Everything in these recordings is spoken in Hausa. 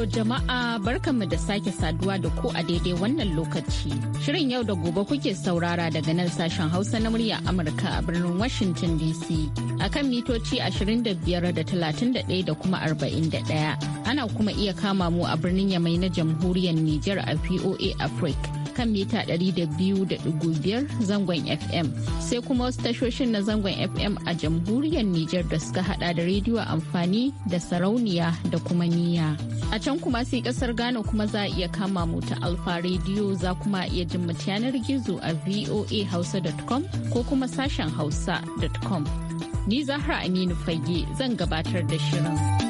To jama'a barkanmu da sake saduwa da ku a daidai wannan lokaci. Shirin yau da gobe kuke saurara daga nan sashen Hausa na murya Amurka a birnin Washington DC a kan mitoci 25 da 31 da kuma 41. Ana kuma iya kama mu a birnin Yamai na jamhuriyar Nijar a VOA Africa. kan mita 200.5 zangon FM sai kuma wasu tashoshin na zangon FM a jamhuriyar Nijar da suka hada da rediyo amfani da sarauniya da kuma niya. A can kuma sai kasar Ghana kuma za a iya kama mu ta Alfa Radio za kuma iya jin mu yanar gizo a voahausa.com ko kuma sashen hausa.com. Ni Zahra Aminu Fage zan gabatar da shirin.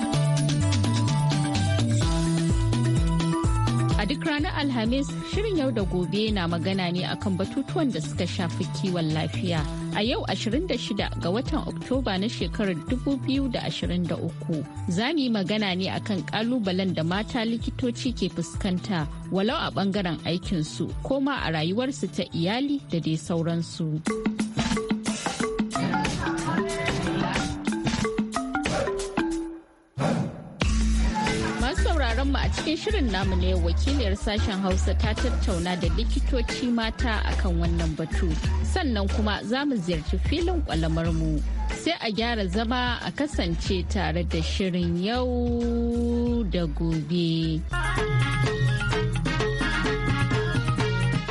A duk ranar Alhamis, shirin yau da gobe na magana ne akan batutuwan da suka shafi kiwon lafiya. A yau 26 ga watan Oktoba na shekarar 2023 za mu yi magana ne akan kalubalen da mata likitoci ke fuskanta walau a bangaren aikinsu ko ma a rayuwarsu ta iyali da dai sauransu. mu a cikin shirin namu ne wakiliyar sashen Hausa ta tattauna da likitoci mata akan wannan batu. Sannan kuma za mu ziyarci filin mu sai a gyara zama a kasance tare da shirin yau da gobe.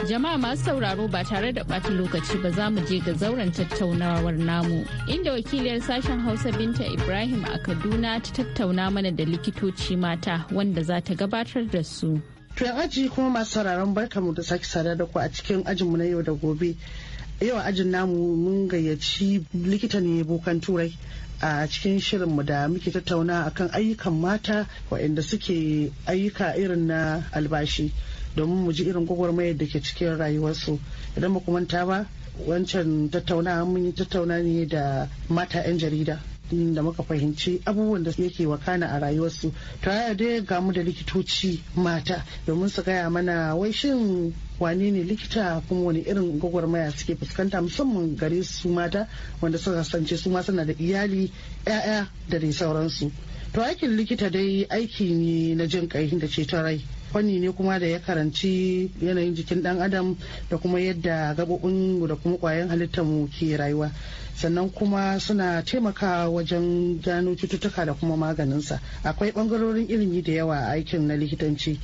Jama'a masu sauraro ba tare da ɓata lokaci ba za mu je ga zauren tattaunawar namu. Inda wakiliyar sashen Hausa Binta Ibrahim a Kaduna ta tattauna mana da likitoci mata wanda za ta gabatar da su. To aji kuma masu sauraron mu da sake sada da ku a cikin ajinmu na yau da gobe. Yau ajin namu mun gayyaci likita ne bukan turai. a cikin shirinmu da muke tattauna akan ayyukan mata waɗanda suke ayyuka irin na albashi. domin mu ji irin gwagwarmayar da ke cikin rayuwarsu idan ba manta ba wancan tattaunawa mun yi tattauna ne da mata 'yan jarida da muka fahimci abubuwan da yake wakana a rayuwarsu to ya dai gamu da likitoci mata domin su gaya mana wai shin wane ne likita kuma wani irin gwagwarmaya suke fuskanta musamman gare su mata wanda suka kasance su ma suna da iyali 'ya'ya da dai sauransu to aikin likita dai aiki ne na jin kai da ceton rai fanni ne kuma da ya karanci yanayin jikin dan adam da kuma yadda gaɓoɓin da kuma ƙwayan halittar mu ke rayuwa sannan kuma suna taimakawa wajen gano cututtuka da kuma maganinsa akwai bangarorin ilimi da yawa aikin na likitanci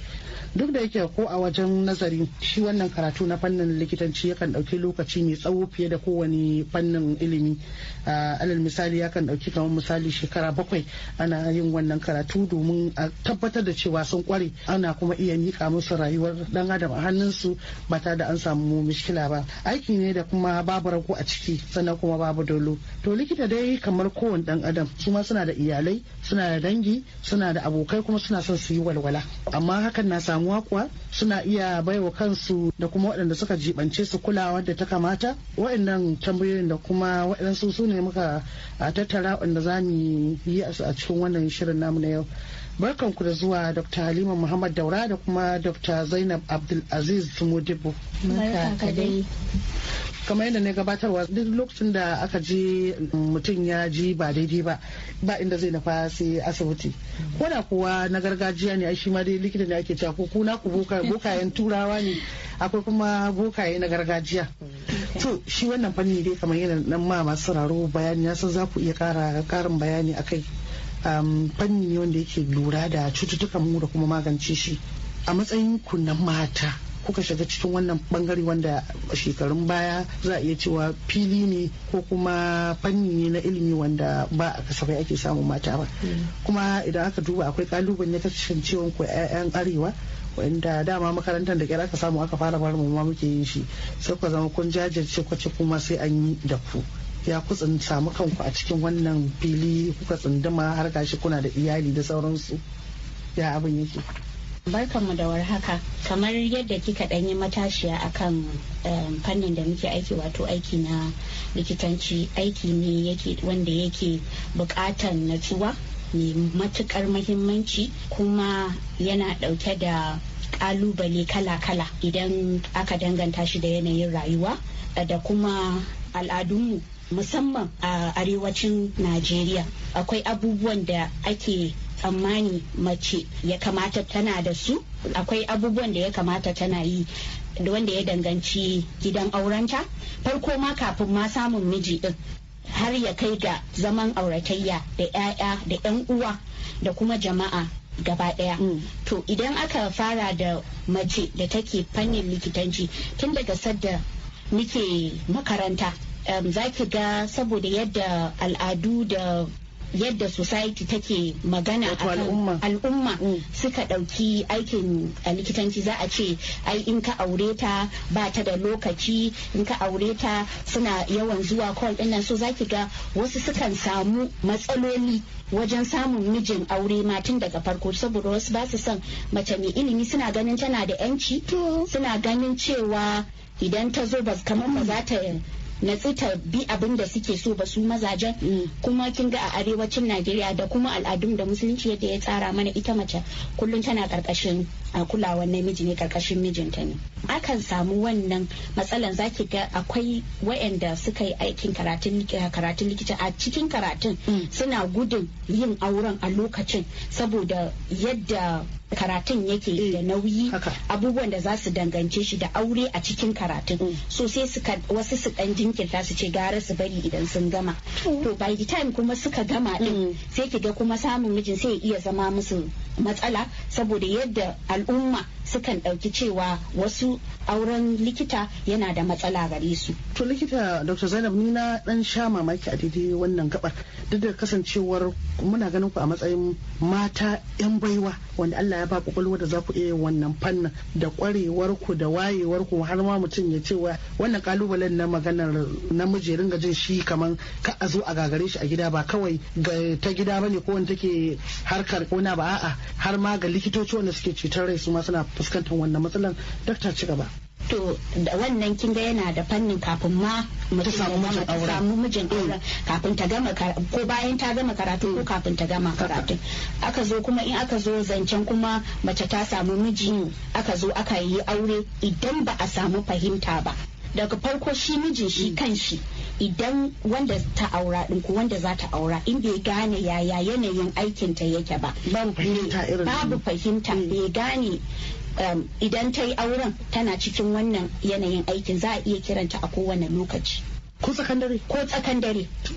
duk da yake ko a wajen nazari shi wannan karatu na fannin likitanci yakan ɗauki lokaci mai tsawo fiye da kowane fannin ilimi alal misali yakan ɗauki kamar misali shekara bakwai ana yin wannan karatu domin a tabbatar da cewa sun kware ana kuma kuma iya mika musu rayuwar dan adam a hannunsu ba ta da an samu mishkila ba aiki ne da kuma babu rago a ciki sannan kuma babu dolo to likita dai kamar kowane dan adam su ma suna da iyalai suna da dangi suna da abokai kuma suna son su yi walwala amma hakan na samuwa kuwa suna iya baiwa kansu da kuma waɗanda suka jibance su kulawa da ta kamata waɗannan tambayoyin da kuma waɗansu su ne muka tattara waɗanda za mu yi a cikin wannan shirin namu na yau barkanku da zuwa dr halima muhammad daura da kuma dr zainab abdulaziz sumodibo kamar yadda na gabatarwa duk lokacin da aka ji mutum ya ji ba daidai ba ba inda zai nafa sai asibiti ko da kuwa na gargajiya ne shi ma dai likita ne ake cewa ko kuna ku bokayen turawa ne akwai kuma bokaye na gargajiya to shi wannan fanni dai kamar yadda nan ma masu sauraro bayani ya san za ku iya kara karin bayani akai Um, fanni wanda yake lura da cututtukan mu da kuma magance shi a matsayin ku na mata kuka shiga cikin wannan bangare wanda shekarun baya za a iya cewa fili ne ko kuma fanni ne na ilimi wanda ba a kasafai ake samu mata ba hmm. kuma idan aka duba akwai kalubale na kasancewan ku 'ya'yan arewa wanda dama makarantar da aka samu aka fara bar mu ma muke yin shi sai ku zama kun jajirce kwace kuma sai an yi da ku ya kutsin samu kanku a cikin wannan fili kuka tsunduma har gashi kuna da iyali da sauransu ya abin yake barkanmu da haka kamar yadda kika ɗanyi matashiya akan eh, fannin da muke aiki wato aiki na likitanci aiki ne yake wanda yake buƙatan natsuwa mai matuƙar mahimmanci kuma yana ɗauke da ƙalubale kala-kala idan aka danganta shi da yanayin rayuwa eh, da kuma al'adunmu musamman a arewacin najeriya akwai abubuwan da ake tsammani mace ya kamata tana da su akwai abubuwan da ya kamata tana yi wanda ya danganci gidan aurenta farko ma kafin ma samun miji din har ya kai ga zaman auratayya da 'ya'ya da 'yan uwa da kuma jama'a gaba daya mm. to idan aka fara da mace da take fannin likitanci tun daga sadda muke makaranta Um, za ki ga saboda yadda al'adu da yadda society take magana a al'umma mm. suka ɗauki aikin uh, likitanci za a ce ai in ka aure ta ba ta da lokaci in ka aure ta suna yawan zuwa call ɗin nan so za ki ga wasu sukan samu matsaloli wajen samun mijin aure matun daga farko saboda wasu ba su son mace mai ilimi suna ganin tana da 'yanci suna ganin cewa idan ta zo ba kamar ba za ta Natsi ta bi abin da suke so ba su mazajen mm. kuma kin ga a arewacin najeriya da kuma al'adun da musulunci yadda ya tsara mana ita mace kullum tana karkashin kulawar namiji ne karkashin mijinta ne akan samu wannan matsalan zaki ga akwai wayanda suka yi aikin karatun likita a cikin karatun mm. suna gudun yin auren a lokacin saboda yadda karatun yake mm. da nauyi abubuwan da za su dangance shi da aure a cikin karatun so sai wasu su jinkirta su ce gara su bari idan sun gama to by the time kuma suka gama din mm. sai ki ga kuma samun mijin sai iya zama musu matsala saboda yadda al'umma sukan ɗauki cewa wasu auren likita yana da matsala gare su. To likita Dr. Zainab ni na dan sha mamaki a daidai wannan gabar duk da kasancewar muna ganin ku a matsayin mata 'yan baiwa wanda Allah ya ba ku kwakwalwa da za ku iya wannan fannin da kwarewar ku da wayewar ku har ma mutum ya cewa wannan kalubalen na maganar namiji ringa jin shi kamar ka a zo a gagare shi a gida ba kawai ga ta gida bane ko wanda take harkar kona ba a'a har ma ga likita likitoci wanda suke cutar rai su ma suna fuskantar wannan matsalan dakta ci gaba to da wannan kin ga yana da fannin kafin ma ta samu mijin mm. aure kafin ta gama ko bayan ta gama karatu ko kafin ta gama karatu aka zo kuma in aka zo zancen kuma mace ta samu miji mm. aka zo aka yi aure idan ba a samu fahimta ba daga farko shi mijin shi mm. kan shi idan wanda ta aura din ko wanda za ta aura in bai gane yaya yanayin ta yake ba babu fahimta irin mm. bai gane um, idan ta yi auren tana cikin wannan yanayin aikin za a iya kiranta a kowane lokaci. Ko tsakan Ko tsakan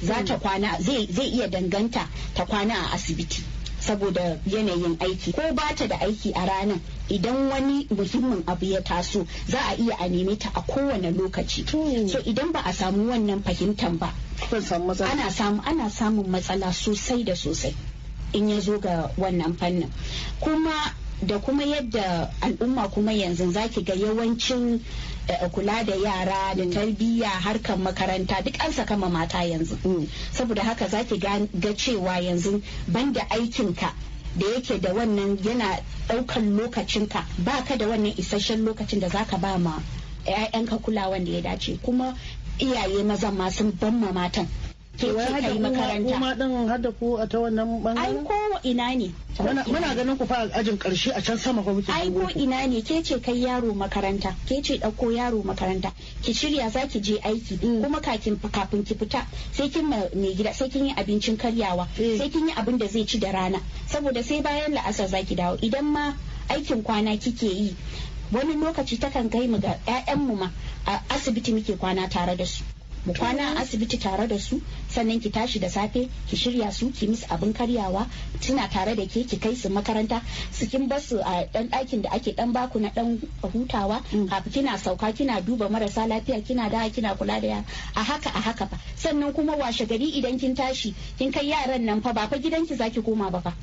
Za ta mm. kwana zai iya danganta ta kwana a asibiti. saboda yanayin aiki ko ba ta da aiki a ranar idan wani muhimmin abu ya taso za a iya a neme ta a kowane lokaci hmm. so idan ba a samu wannan fahimtar ba ana samu ana samun matsala sosai da sosai in ya zo ga wannan fannin kuma da kuma yadda al'umma kuma yanzu zaki ga yawancin kula da yara da mm. tarbiyya harkar makaranta duk an saka ma mata yanzu mm. saboda haka zaki ga cewa yanzu banda aikinka da yake da wannan yana daukan lokacinka baka da wannan isasshen lokacin da zaka ba ma 'ya'yanka kulawan da ya dace kuma iyaye mazan ma sun ban matan to kika makaranta kuma a ta wannan ai ina ne muna ganin ku fa ajin karshe can sama gwamnati ai ko ina ne ke ce kai yaro makaranta ke ce dauko yaro makaranta ki shirya za ki je aiki mm. kuma kafin kafin ki fita sai kin mai gida sai kin yi abincin karyawa eh. sai kin yi abin da zai ci da rana saboda sai bayan la'asar za ki dawo idan ma aikin kwana kike yi wani lokaci takan kai mu ga 'ya'yanmu ma a asibiti muke kwana tare da su mu kwana a asibiti tare da su sannan ki tashi da safe ki shirya su ki musu abin karyawa tuna tare da ke ki kai su makaranta su kin su a dan ɗakin da ake dan baku na dan hutawa mm. kafin kina sauka kina duba marasa lafiya kina da kina kula da yara a haka a haka fa sannan kuma washe gari idan kin tashi kin kai yaran nan fa ba fa gidanki zaki koma ba fa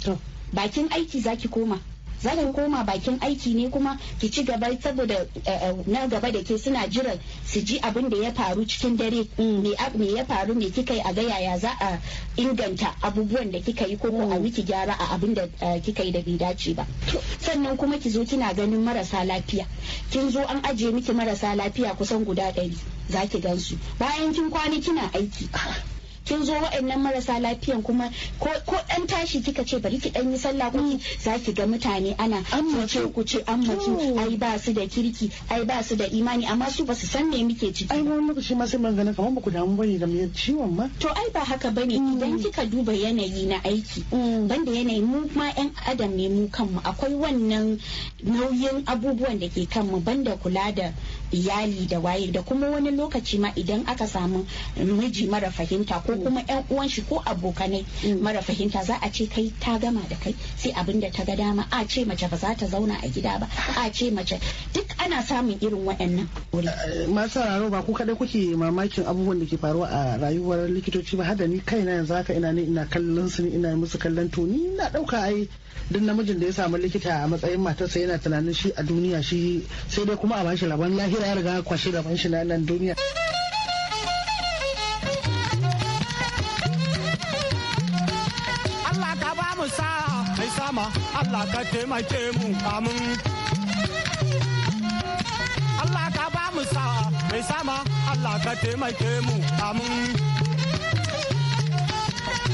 bakin aiki zaki koma zan koma bakin aiki ne kuma ki ci gaba saboda eh, eh, na gaba da ke suna jiran su ji abin da ya faru cikin dare mm, me ya faru ne kika yi a ga yaya za a inganta abubuwan da kika yi ko a wiki mm. gyara a abin da eh, kika yi da bai dace ba sannan kuma ki zo kina ganin marasa lafiya kin zo an ajiye miki marasa lafiya kusan guda ɗari za ki gan su bayan kin kwana kina aiki ah. kin zo wa'annan marasa lafiyan kuma ko ɗan tashi kika ce bari ki ɗan yi sallah kuki mm. za ki ga mutane ana amince ku ce amince ai ba su da kirki ai ba su da imani amma su ba su san me muke ciki ai wani lokaci ma sai magana kamar ba ku damu bane da mai ciwon ma to ai ba haka bane mm. idan kika duba yanayi na aiki mm. banda yanayi mu ma yan adam ne mu kanmu akwai wannan nauyin abubuwan da ke kanmu banda kula da iyali da waye da kuma wani lokaci ma idan aka samu miji mara fahimta ko mm. kuma yan uwan shi ko abokanai mm. mara fahimta za a ce kai ta gama da kai sai abin da ta ga dama a ce mace ba za ta zauna a gida ba a ce mace duk ana samun irin waɗannan wuri masu raro ba ku kaɗai kuke mamakin abubuwan da ke faruwa a rayuwar likitoci ba hada ni kai na yanzu haka ina ne ina kallon su ina musu kallon to ni na ɗauka ai duk namijin da ya samu likita a matsayin matarsa yana tunanin shi a duniya shi sai dai kuma a bashi rabon lahiya gida ya riga kwashe gaban shi na nan duniya Allah ka ba mu sa mai sama Allah ka taimake mu amin Allah ka ba mu sa mai sama Allah ka taimake mu amin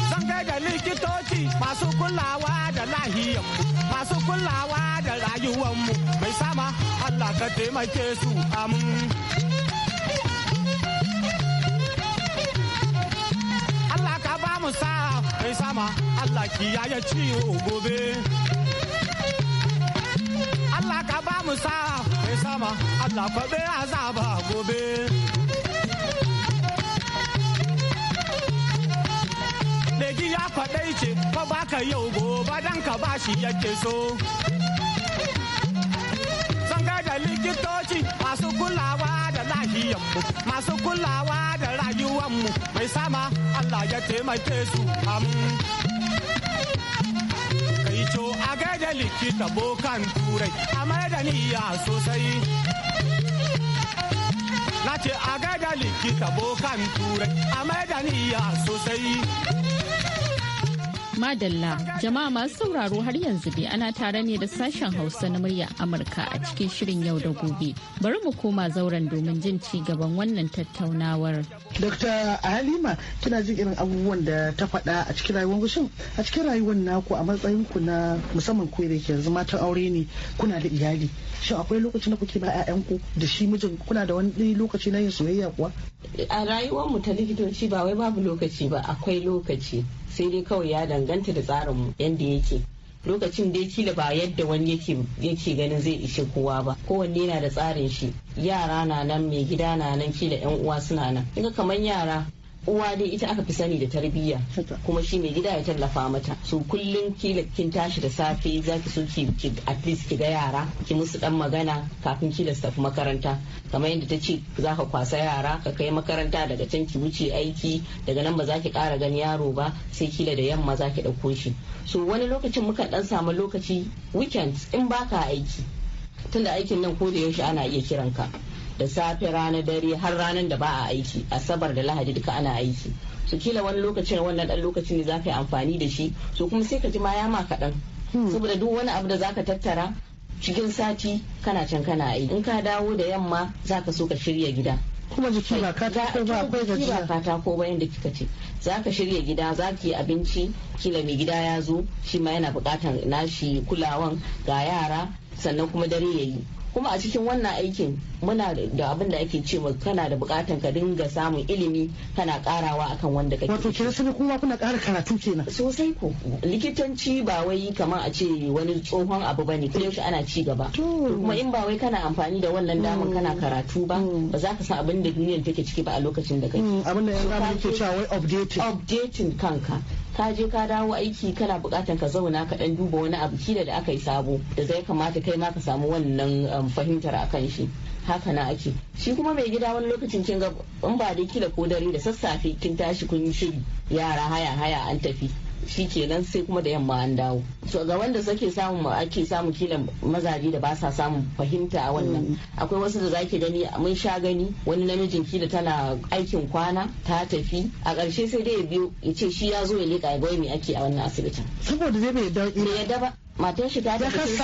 Zan kai da likitoci masu kulawa da lahiyar mu. masu kulawa da rayuwanmu mai sama Allah ka taimake su amin. Allah ka ba mu sa mai sama Allah kiyaye ciwo gobe. Allah ka ba mu sa mai sama Allah kwabe azaba gobe. ji ya faɗai ce fa baka yau gobe dan ka ba shi yake so sun da likitoci masu kulawa da lahiyanmu masu kulawa da rayuwanmu mai sama allah ya taimake su am kai co a da likita bokan turai a mai da niyya sosai na ce a likita bokan turai a madaniya sosai Madalla, jama'a masu sauraro har yanzu dai ana tare ne da sashen Hausa na murya Amurka a cikin shirin yau da gobe. Bari mu koma zauren domin jin ci gaban wannan tattaunawar. Dr. Halima, kina jin irin abubuwan da ta faɗa a cikin rayuwar gushin? A cikin rayuwar naku a matsayin ku na musamman ku da ke yanzu matan aure ne kuna da iyali. Shin akwai lokaci na kuke ba ku da shi mijin kuna da wani lokaci na yin soyayya kuwa? A rayuwar mu ta likitoci ba wai babu lokaci ba akwai lokaci. sai dai kawai ya danganta da tsarinmu yadda yake lokacin dai kila ba yadda wani yake ganin zai ishe kowa ba kowanne yana da tsarin shi yara na nan mai gida na nan kila yan uwa suna nan Ina kamar yara uwa dai ita aka fi sani da tarbiyya kuma shi mai gida ya tallafa mata so kullum kila kin tashi da safe zaki so ki at least ki ga yara ki musu dan magana kafin kila su tafi makaranta kamar yadda ta ce za ka kwasa yara ka kai makaranta daga can ki wuce aiki daga nan ba za ki kara gani yaro ba sai kila da yamma za ki ɗauko shi so wani lokacin mukan dan samu lokaci weekends in baka aiki tunda aikin nan ko da yaushe ana iya kiranka da safe rana dare har ranar da ba a aiki asabar da lahadi duka ana aiki su kila wani lokacin wannan dan lokacin ne ka yi amfani da shi so kuma sai ka ji ma ya ma kaɗan hmm. saboda duk wani abu da za ka tattara cikin sati kana can kana aiki in ka dawo da yamma za ka so ka shirya gida kuma jiki ba katako ba akwai gajiya ba katako ba yanda kika ce Za ka shirya gida za ki yi abinci kila mai gida ya zo shi ma yana bukatan nashi kulawan ga yara sannan kuma dare ya yi. kuma a cikin wannan aikin muna da abin da ake cewa kana da bukatan ka dinga samun ilimi kana karawa akan wanda kake wato kira sani kuma kuna kara karatu kenan sosai ko likitanci ba wai kamar a ce wani tsohon abu bane kuma shi ana ci gaba kuma in ba wai kana amfani da wannan daman mm. kana karatu ba mm. ba za ka san abin da duniyar take ciki ba a lokacin da kake mm, abin da ya yake cewa wai updating updating kanka ka je ka dawo aiki kana bukatan ka zauna ka dan duba wani abu kila da aka yi sabo da zai kamata kai ma ka samu wannan um, fahimtar akan shi haka na ake shi kuma mai gida wani lokacin kin ga in ba da kila ko dare da sassafe kin tashi kun shiri yara haya haya an tafi shi kenan sai kuma da yamma an dawo to ga wanda sake samu ake samu kila mazaje da ba sa samun fahimta a wannan mm. akwai wasu da zaki gani mun sha gani wani namijin kila tana aikin kwana ta tafi a ƙarshe sai dai ya biyo ya ce shi ya zo ya leƙa ya ga me ake a wannan asibitin saboda zai bai yarda ba matar shi ta tafi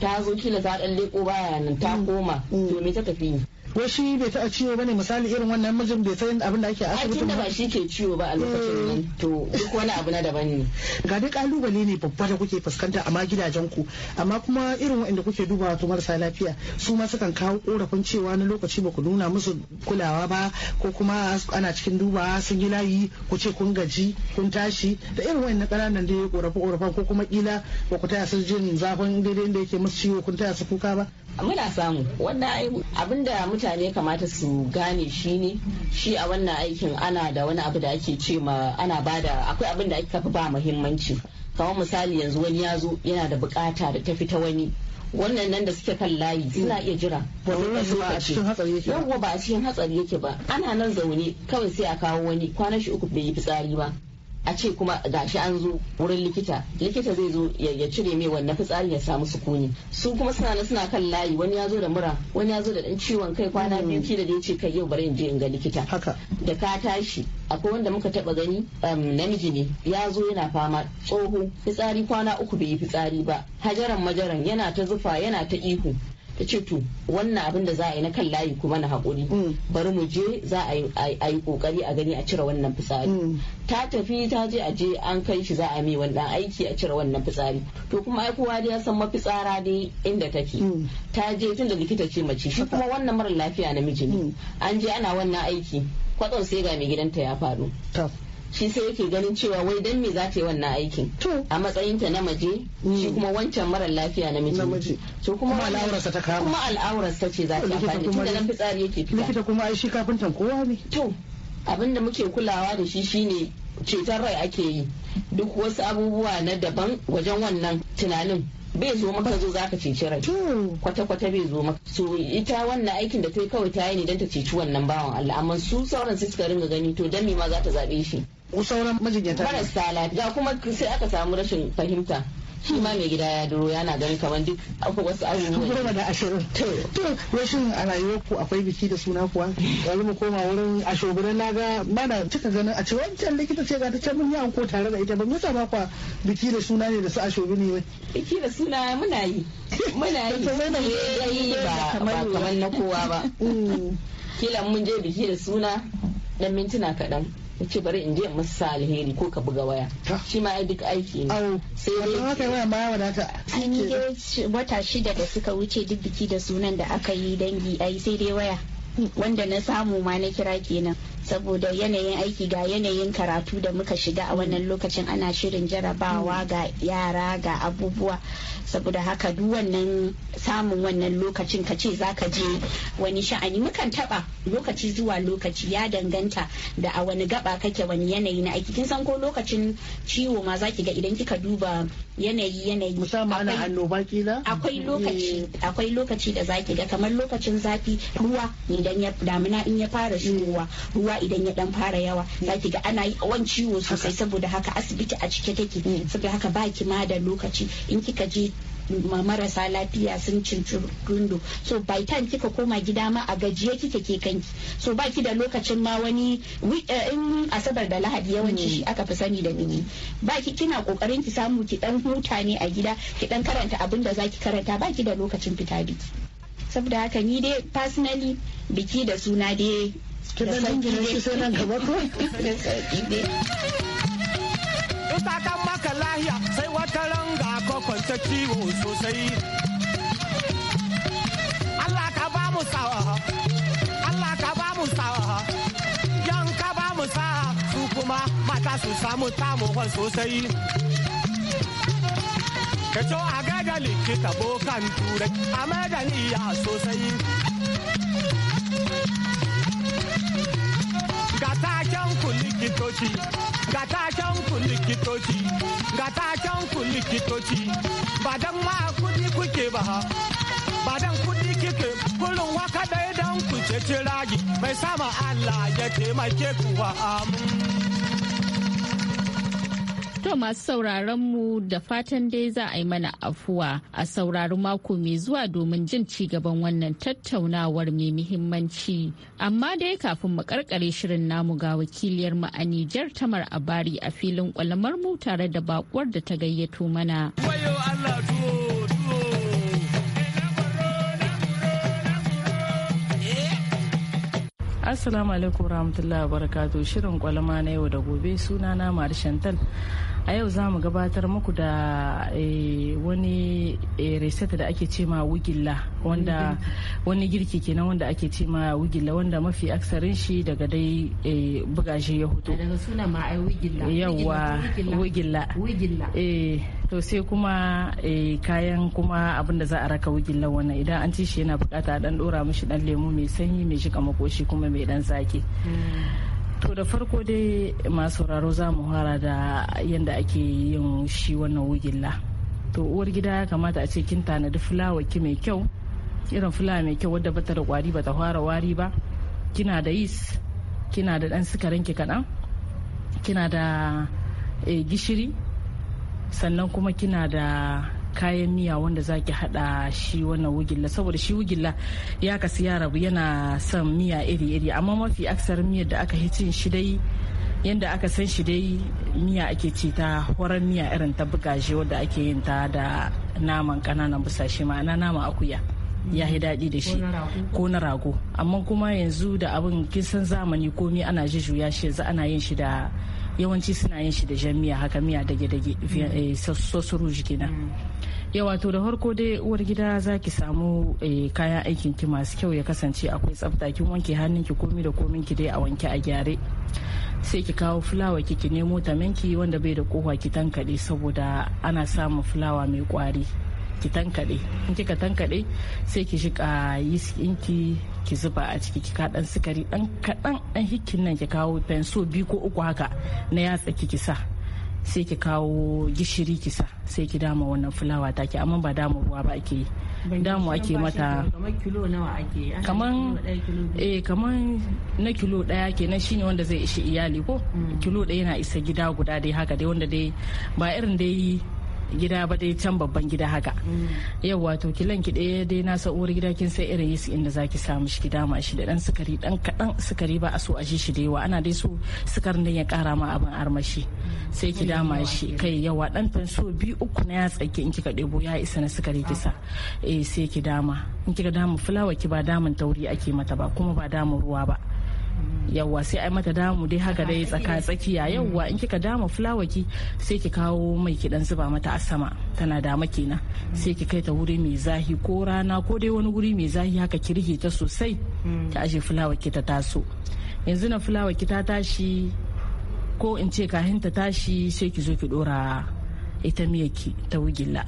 ta zo kila ta ɗan leko baya nan ta mm. koma mm. to me ta tafi ni. wasu bai taɓa ciwo bane misali irin wannan mijin bai san abin da ake asibiti ba shi ke ciwo ba a lokacin nan eh. to duk wani abu na daban ne ga dai kalubale ne babba da kuke fuskanta amma gidajen ku amma kuma irin waɗanda kuke dubawa to marasa lafiya su ma sukan kawo korafin cewa na lokaci ba ku nuna musu kulawa ba ko kuma ana cikin duba sun yi layi ku ce kun gaji kun tashi da irin waɗannan ƙananan da ya korafe ko kuma kila ba ku taya su jin zafin daidai da yake musu ciwo kun taya su kuka ba muna samu wannan da mutane kamata su gane shi ne shi a wannan aikin ana da wani abu da ake ce ma ana bada akwai abin da ake kafa ba muhimmanci kamar misali yanzu wani ya zo yana da bukata da tafi ta wani wannan nan da suke kan layi suna iya jira yawwa ba a cikin hatsari yake ba ana nan zaune kawai sai a kawo wani kwanan shi uku bai yi fitsari ba a ce kuma gashi an zo wurin likita likita zai zo ya cire mai wannan fitsari ya samu sukuni su kuma suna na suna kan layi wani ya zo da mura wani ya zo da dan ciwon kai kwana biyu ki hmm. da ya ce kai yau bari in je in ga likita haka da ka tashi akwai wanda muka taba gani um, namiji ne ya zo yana fama tsoho fitsari kwana uku bai yi fitsari ba hajaran majaran yana ta zufa yana ta ihu ta ce to wannan abin da za a yi na kan layi kuma na haƙuri mm. bari mu je za a yi ƙoƙari a gani a cire wannan fitsari mm. ta tafi ta je a je an kai shi za a mai wannan aiki a cire wannan fitsari to kuma ai kowa dai ya san mafitsara ne inda take mm. ta je tun da likita ce mace shi kuma wannan mara lafiya namiji ne an je ana wannan aiki kwatsam sai ga mai gidanta ya faru shi sai yake ganin cewa wai dan me za ta yi wannan aikin a matsayin ta na maje shi mm. kuma wancan mara lafiya na miji to kuma al'aurarsa ta kama kuma al'aurarsa ce za ta amfani tunda nan fitsari yake fita likita kuma ai shi kafintan kowa ne to abin da muke kulawa da shi shine ceton rai ake yi duk wasu abubuwa na daban wajen wannan tunanin bai zo maka zo zaka ceci rai kwata-kwata bai zo maka so ita wannan aikin da ta yi kawai ta yi ne don ta ceci wannan bawan Allah amma su sauran su suka ringa gani to dan ma za ta zabe shi sauran majinyata marasa lafiya kuma sai aka samu rashin fahimta shi ma mai gida ya duro yana ganin kamar duk akwai wasu abubuwa goma da ashirin to rashin a rayuwar ku akwai biki da suna kuwa bari mu koma wurin ashobiran na ga mana cika ganin a ce wancan likita ce ga ta can mun yi anko tare da ita ba mu ba kwa biki da suna ne da su ashobi ne biki da suna muna yi muna yi eh, ba kamar na kowa ba mm. kila mun je biki da suna dan mintuna kaɗan ce bari in je in musu alheri ko ka buga waya shi ma duk aiki ne sai dai haka waya ma wadata an yi wata shida da suka wuce duk biki da sunan da aka yi dangi ai sai dai waya wanda na samu ma na kira kenan saboda yanayin aiki ga yanayin karatu da muka shiga a wannan lokacin ana shirin jarabawa ga yara ga abubuwa saboda haka duk wannan samun wannan lokacin ka ce za ka je wani sha'ani mukan taba lokaci zuwa lokaci ya danganta da a wani gaba kake wani yanayi na aiki kin san ko lokacin ciwo ma ki ga idan kika duba yanayi yanayi musamman ana annoba kila akwai lokaci eh. akwai lokaci da zaki ga kamar lokacin zafi ruwa idan ya damina in ya fara shigowa ruwa idan ya dan fara yawa zaki ga ana yawan ciwo sosai saboda haka asibiti a cike take mm. saboda haka baki ma da lokaci in kika je marasa lafiya sun rundu so by time kika koma gida ma a gajiye kike ke kanki so ba ki da lokacin ma wani eh, in asabar da lahadi yawanci shi mm. aka fi sani da biki ba ki kina kokarin ki samu ki dan huta ne a gida ki dan karanta abin da zaki karanta ba ki da lokacin fita biki saboda haka ni dai personally biki da suna dai da sauki dai ciwo sosai Allah ka ba mu sa Allah ka ba mu sa'a yan ka ba mu sa'a su kuma mata su samu tamuwan sosai ka co a gada likita bokan turai a ya sosai ga taken ku likitoci ga taken ku likitoci ga can ku likitoci ba dan ma kudi kuke ba ba dan kudi kike kullum waka dai dan ku ce ragi mai sama Allah ya taimake ku wa amin To masu sauraron mu da fatan dai za a yi mana afuwa a saurari mako mai zuwa domin jin ci gaban wannan tattaunawar mai muhimmanci. Amma dai kafin mu karkare shirin namu ga wakiliyar mu a Nijar Tamar Abari a filin kwalamar mu tare da bakuwar da ta gayyato mana. Assalamu alaikum warahmatullahi wabarakatuh shirin kwalama na yau da gobe sunana Marshantal. a yau za mu gabatar muku da eh, wani eh, reseta da ake ce ma wigilla wanda wani girki kenan wanda ake ce ma wigilla wanda mafi aksarin shi daga dai eh, bugashe ya hoto daga suna ma ai wigilla yawa wigilla wigilla eh to sai kuma kayan kuma abinda da za a raka wigilla wannan idan an ci shi yana bukata a dan dora mishi dan lemu mai sanyi mai shiga makoshi kuma mai dan zaki hmm. To da farko dai masu sauraro za mu fara da yadda ake yin shi wannan wugilla. To uwar gida ya kamata a ce kin tanadi fulawa ki mai kyau, irin fulawa mai kyau wadda bata da kwari bata fara wari ba. Kina da yis, kina da dan sukarin ki kaɗan, kina da eh, gishiri, sannan kuma kina da kayan miya wanda zaki hada shi wannan wugilla saboda shi wugilla ya kasu ya rabu yana son miya iri-iri amma mafi aksar miyar da aka cin shi dai yadda aka san shi dai miya ake ce ta horon miya irin ta bugaje wadda ake yin ta da naman kananan busashe ma'ana naman akuya ya yi daɗi da shi ko na rago amma kuma yanzu da abin kisan zamani komi ana jujjuya shi yanzu ana yin shi da yawanci suna yin shi da jan miya haka miya dage-dage eh, sosoro kenan mm. yawa to da harko dai uwar gida za ki samu eh, kayan aikin ki masu kyau ya kasance akwai tsafta kin wanke hannun ki komi da komin ki dai a wanke a gyare sai ki kawo fulawa ki ki nemo tamanki wanda bai da kowa ki tankade saboda ana samun fulawa mai kwari ki tankade in kika tankade sai ki shiga yeast ɗinki ki zuba a ciki ki kaɗan sukari ɗan kaɗan ɗan hikin nan ki kawo fenso biyu ko uku haka na yatsa ki sa sai ki kawo gishiri kisa sai ki dama wannan fulawa take amma ba dama ruwa ba ake yi damu ake mata eh, kaman na kilo daya kenan shine wanda zai ishi iyali ko mm. kilo daya yana isa gida guda dai haka dai wanda dai ba irin dai gida ba dai can babban gida haka mm. yau wato kilan ki ɗaya dai na sa'uwar gida kin sai irin yesu inda zaki samu shi gida ma shi da ɗan sukari ɗan kaɗan sukari ba a so a ji shi da yawa ana dai so sukarin da ya kara ma abin armashi sai ki dama shi kai yawa ɗan tan so biyu uku na yatsa ki in kika ɗebo ya isa na sukari kisa ah. eh sai ki dama in kika dama fulawa ki ba damun tauri ake mata ba kuma ba damun ruwa ba yawwa sai ai mata damu dai haka dai tsaka tsakiya yawwa in kika dama fulawa ki sai ki kawo mai ki dan zuba mata a sama tana dama kenan sai ki kai ta wuri mai zahi ko rana ko dai wani wuri mai zahi haka ki rike ta sosai ta aje fulawa ki ta taso yanzu na fulawa ki ta tashi ko in ce kahin ta tashi sai ki zo ki dora ita miyar ki ta wugilla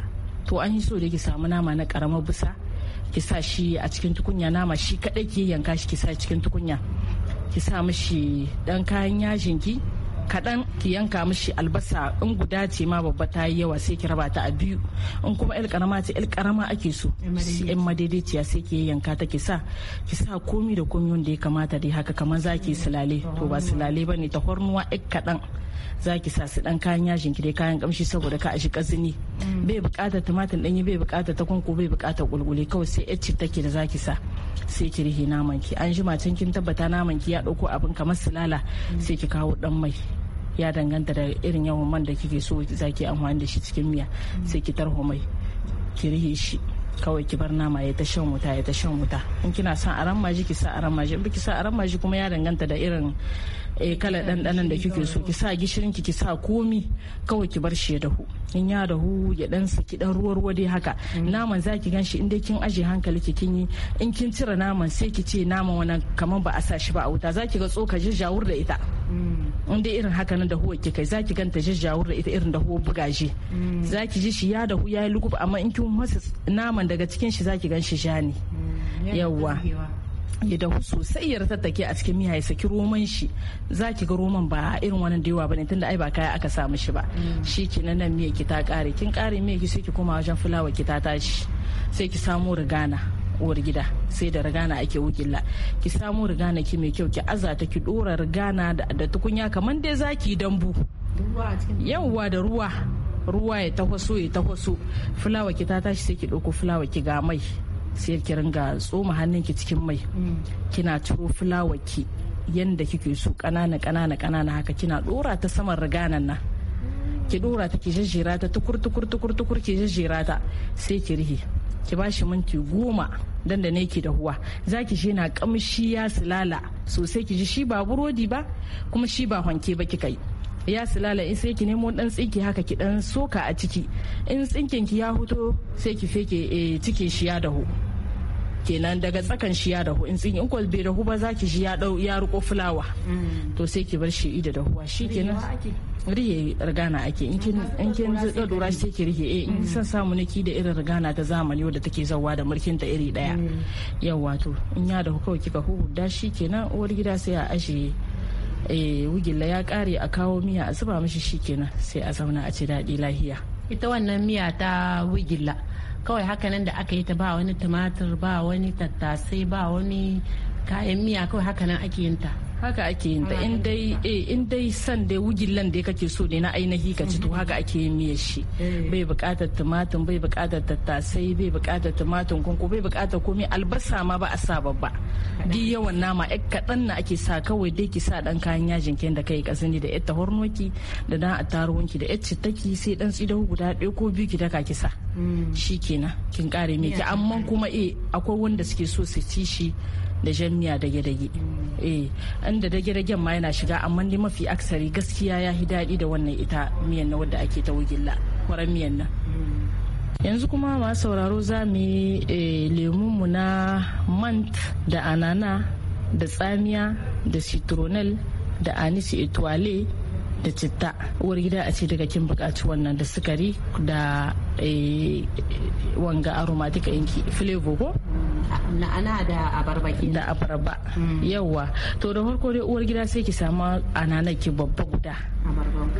to an yi so da ki samu nama na karamar busa ki sa shi a cikin tukunya nama shi kadai ki yanka shi ki sa cikin tukunya ki sa mishi dan kayan yajin ki kaɗan ki yanka mishi albasa in guda ce ma babba ta yi yawa sai ki raba ta a biyu in kuma yar karama ce yar karama ake so yan madaidaiciya sai ki yanka ta ki sa ki sa komi da komi wanda ya kamata dai haka kamar zaki ki silale to ba silale ba ne ta hornuwa yar kaɗan za ki sa su dan kayan yajin ki dai kayan kamshi saboda ka a shi kazini mm. bai bukatar tumatir danyi bai bukatar takunko bai bukatar kulkuli kawai sai yacce take da za ki sa sai ki rihi naman ki an jima can kin tabbata naman ki ya dauko abin kamar silala mm. sai ki kawo dan mai ya danganta da irin yawan man da kike so zaki amfani da shi cikin miya mm. sai ki tarho mai ki rihe shi kawai ki bar nama ya ta shan wuta ya ta shan wuta in kina son aran maji ki sa aran maji in sa aran maji kuma ya danganta da irin eh kala dandanan da kike so ki sa gishirin ki ki sa komi kawai ki bar shi ya dahu in ya dahu ya dan saki dan ruwa ruwa dai haka mm. naman zaki ganshi in dai kin aje hankali ki kin yi in kin cire naman sai ki ce naman wannan kamar ba a sa shi ba a wuta zaki ga tsoka jawur da ita mm. in dai irin haka nan da huwa ke kai zaki ganta jajjawur da ita irin da huwa mm. za zaki ji shi ya da ya yi lugub amma in ki masa naman daga cikin shi zaki gan shi ja ne mm. yawwa ya dahu sosai ya ratattake a cikin miya ya saki roman shi za ki ga roman ba irin wani da yawa bane tunda ai ba kaya aka samu mm. shi ba shi ki nan miya ki ta kare kin kare miya ki sai ki koma wajen fulawa ki ta tashi sai ki samu rigana uwar gida sai da rigana ake wukilla ki samu rigana ki mai kyau ki azata ki dora rigana da tukunya kamar dai zaki dambu yawwa da ruwa ruwa ya tahwaso ya tahwaso fulawa ki ta tashi sai ki ɗauko fulawa ki ga mai sai ki ringa tsoma hannun ki cikin mai mm. kina ciro fulawa ki yanda kike so kanana kanana kanana haka kina dora ta saman riganan nan ki dora ta ki jajjera ta tukur tukur tukur tukur ki jajjera ta sai ki rihi ki ba bashi minti goma dan da ne ki huwa za ki shi na kamshi ya silala sosai ki ji shi ba burodi ba kuma shi ba hanke ba kika yi ya silala in sai ki nemo dan tsinki haka ki dan soka a ciki in tsinkin ki ya huto sai ki feke eh, cikin shi ya dahu kenan daga tsakan shi ya dahu in tsin in kwal bai dahu ba zaki ji ya dau ya riko fulawa mm. to sai ki bar shi da dahuwa shi kenan rihe rigana ake in kin in kin dora shi ki rihe eh, in mm. san samu ne da irin rigana ta zamani wadda take zawa da mulkin ta iri daya mm. yawa to in ya dahu kawai kika hu shi kenan uwar gida sai a ajiye eh, wugilla ya kare a kawo miya a zuba mishi kenan sai a zauna a ci daɗi lahiya ita wannan miya ta wigilla kawai hakanan da aka yi ta ba wani tumatir ba wani tattasai ba wani kayan miya kawai hakanan ake yin ta haka ake yin eh, in dai san dai wujillan da kake so ne na ainihi ka ci to haka ake yin miyar shi eh. bai bukatar tumatir bai bukatar tattasai bai bukatar tumatir kunku bai bukatar komai albasa ma ba a sa babba duk yawan nama ɗan kaɗan na ake sa kawai dai ki sa ɗan kayan yajin ken da kai kasani da ita hornoki da dan attaruhunki da ita cittaki sai ɗan tsidahu guda ɗaya ko biyu ki daka ki sa mm. kenan kin kare me ki amma kuma eh akwai wanda suke so su ci shi da jan miya dage-dage eh inda dage-dagen ma yana shiga amma ni mafi aksari gaskiya ya hi daɗi da wannan ita miyan na wadda ake ta wugilla kwaran miyan nan yanzu kuma ma sauraro za mu yi eh, mu na mant da anana da tsamiya da citronel da anisi etoile da citta uwar gida a ce daga kin bukaci wannan da sukari da eh, wanga aromatic inki flavor ko ana da abarba ke da abarba mm. yawa to da farko dai uwar gida sai ki samu anana ki babba guda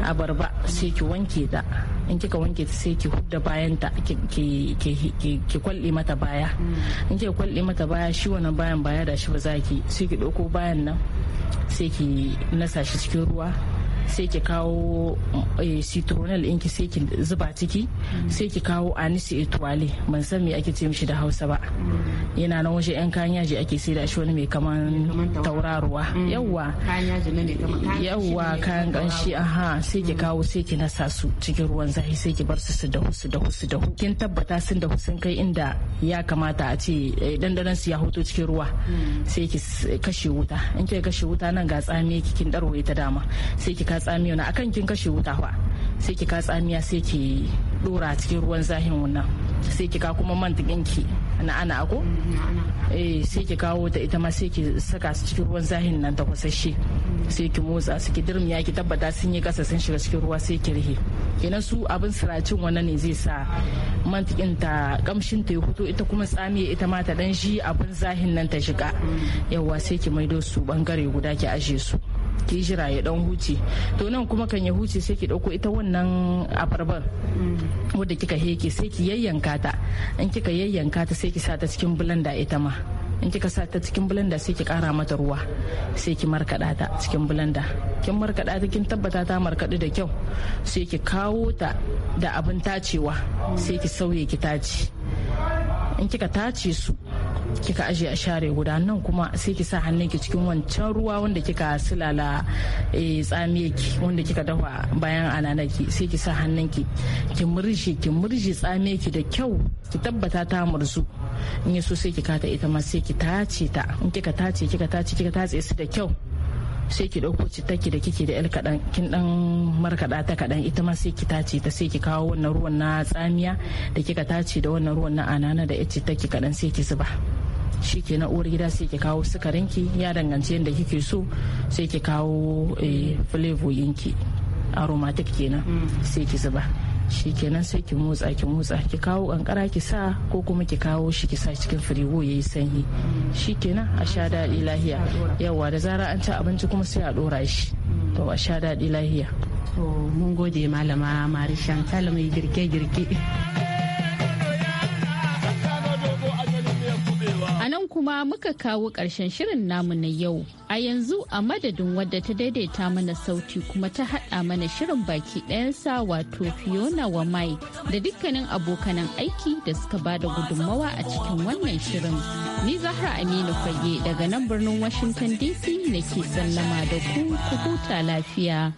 abarba sai ki wanke ta in kika wanke ta sai ki hudda bayan ta ki kwalli mata baya mm. in kika kwalle mata baya shi wannan bayan baya da shi ba za ki sai ki dauko bayan nan sai ki nasa shi cikin ruwa sai ki kawo eh, citronel in ki sai ki zuba ciki sai ki kawo anise tuwale ban san me ake ce mishi da hausa ba yana nan waje yan kayan yaji ake sai da shi wani mai kaman tauraruwa mm. yawwa yawwa kayan kanshi aha sai ki mm. kawo sai ki nasa su cikin ruwan zafi sai ki bar su su dahu su dahu su dahu kin tabbata sun dahu sun kai inda ya kamata a ce dandanan eh, su ya hoto cikin ruwa mm. sai ki kashe wuta in kika kashe wuta nan ga tsami kikin darwaye ta dama sai ki ka tsamiya na akan kin kashe wuta fa sai ki ka tsamiya sai ki dora cikin ruwan zahin wannan sai ki ka kuma man ki na ana ako mm, eh sai ki kawo ta ita ma sai ki saka su cikin ruwan zahin nan ta kwasashe mm. sai ki motsa su ki dirmiya ki tabbata sun yi kasa sun shiga cikin ruwa sai ki rihe kenan su abin siracin wannan ne zai sa mantikin ta kamshin ta ya fito ita kuma tsamiya ita ma ta dan shi abin zahin nan ta shiga mm. yawa sai ki maido su bangare guda ki aje su ki jira ya dan huce to nan kuma kan ya huce sai ki dauko ita wannan abarbar mm. wadda kika heke sai ki yayyanka ta in kika yayyanka ta sai ki sa cikin blender ita ma in kika sa cikin blender sai ki kara mata ruwa sai ki markaɗa ta cikin blender kin markaɗa ta kin tabbata ta markaɗu da kyau sai ki kawo ta da abin tacewa mm. sai ki sauye ki tace in kika tace su kika aje a share guda nan kuma sai ki sa hannun ki cikin wancan ruwa wanda kika silala eh, tsamiyar ki wanda kika dafa bayan ananaki sai ki sa hannun ki ki murje ki murje tsamiyar da kyau ki tabbata ta murzu in yaso sai ki kata ita ma sai ki tace ta in kika tace kika tace kika tace su da kyau sai ki ɗauko citaki da kike da yar kaɗan kin ɗan markaɗa ta kaɗan ita ma sai ki tace ta sai ki kawo wannan ruwan na tsamiya da kika tace da wannan ruwan na anana da yar citaki kaɗan sai ki zuba shi ke uwar gida sai ki kawo sukarinki ya danganci yadda kike so sai ki kawo eh, flavoyinki. ki. aromatic kenan mm. sai ki zuba shi kenan sai ki motsa ki motsa ki kawo kankara ki sa ko kuma ki kawo shi ki sa cikin firigo yayi sanyi shi kenan a sha daɗi lahiya yawa da zara an ci abinci kuma sai a ɗora shi mm. to a sha daɗi lahiya to mun gode malama marishan talmai girke-girke muka kawo ƙarshen shirin namu na yau. A yanzu a madadin wadda ta daidaita mana sauti kuma ta haɗa mana shirin baki ɗayansa wato Fiona wa Mai da dukkanin abokanan aiki da suka ba da gudunmawa a cikin wannan shirin. Ni Zahra Aminu Fage daga nan birnin Washington DC nake sallama da ku kuhuta lafiya.